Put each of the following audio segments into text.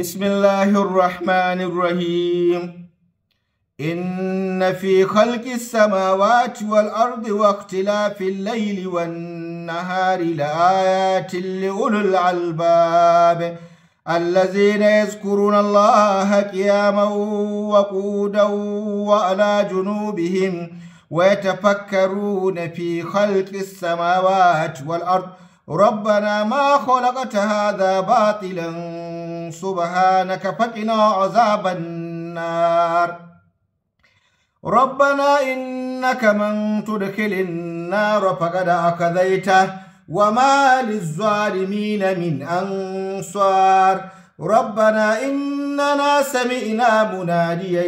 بسم الله الرحمن الرحيم إن في خلق السماوات والأرض واختلاف الليل والنهار لآيات لأولو الألباب الذين يذكرون الله قياما وقودا وعلى جنوبهم ويتفكرون في خلق السماوات والأرض ربنا ما خلقت هذا باطلا سبحانك فقنا عذاب النار ربنا إنك من تدخل النار فقد أخذيته وما للظالمين من أنصار ربنا إننا سمعنا مناديا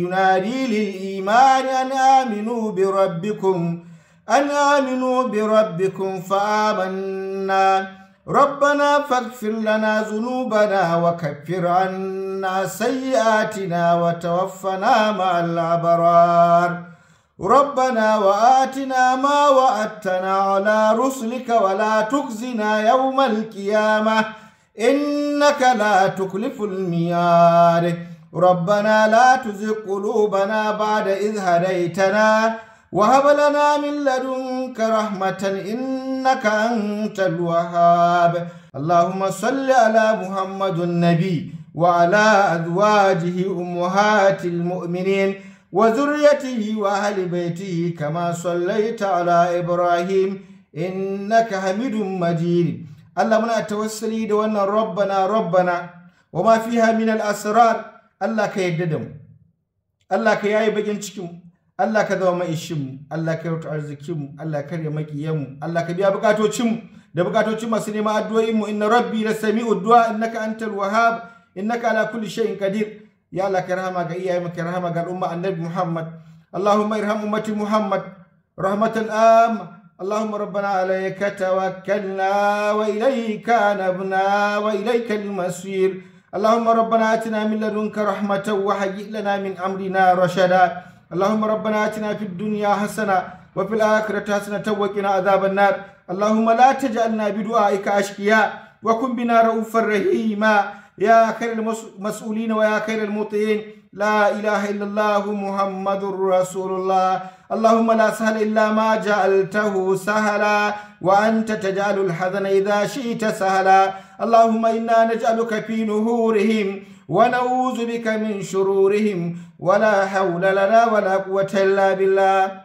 ينادي للإيمان أن آمنوا بربكم أن آمنوا بربكم فآمنا ربنا فاغفر لنا ذنوبنا وكفر عنا سيئاتنا وتوفنا مع الأبرار ربنا وآتنا ما وعدتنا على رسلك ولا تخزنا يوم القيامة إنك لا تخلف الميعاد ربنا لا تزغ قلوبنا بعد إذ هديتنا وهب لنا من لدنك رحمة إنك أنت الوهاب اللهم صل على محمد النبي وعلى أزواجه أمهات المؤمنين وذريته وأهل بيته كما صليت على إبراهيم إنك حميد مجيد اللهم أتوسلي دون ربنا ربنا وما فيها من الأسرار الله كيددم الله كيأي بجن Allah ka zama ma'ishinmu Allah ka rauta arzikinmu Allah ka karya makiyanmu Allah ka biya bukatocinmu da bukatocin masu neman addu'o'inmu inna rabbi la sami'u du'a innaka antal wahhab innaka ala kulli shay'in qadir ya Allah ka rahama ga iyayenmu ka rahama ga al'umma annabi Muhammad Allahumma irham ummati Muhammad rahmatan am wa ilayka nabna wa ilayka al-masir Allahumma rabbana atina min ladunka rahmatan wa hayyi lana min amrina rashada. اللهم ربنا آتنا في الدنيا حسنة وفي الآخرة حسنة وقنا عذاب النار اللهم لا تجعلنا بدعائك أشقياء وكن بنا رؤوفا رحيما يا خير المسؤولين ويا خير المطيعين لا إله إلا الله محمد رسول الله اللهم لا سهل إلا ما جعلته سهلا وأنت تجعل الحزن إذا شئت سهلا اللهم إنا نجعلك في نهورهم ونعوذ بك من شرورهم ولا حول لنا ولا قوة إلا بالله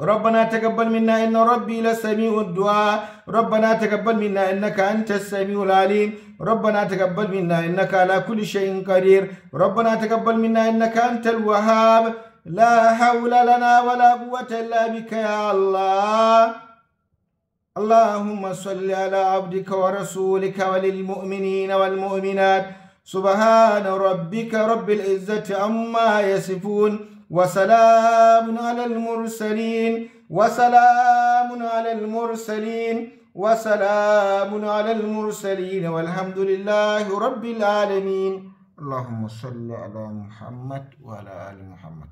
ربنا تقبل منا إن ربي لسميع الدعاء ربنا تقبل منا إنك أنت السميع العليم ربنا تقبل منا إنك على كل شيء قدير ربنا تقبل منا إنك أنت الوهاب لا حول لنا ولا قوة إلا بك يا الله اللهم صل على عبدك ورسولك وللمؤمنين والمؤمنات سبحان ربك رب العزة عما يصفون وسلام على المرسلين وسلام على المرسلين وسلام على المرسلين والحمد لله رب العالمين اللهم صل على محمد وعلى آل محمد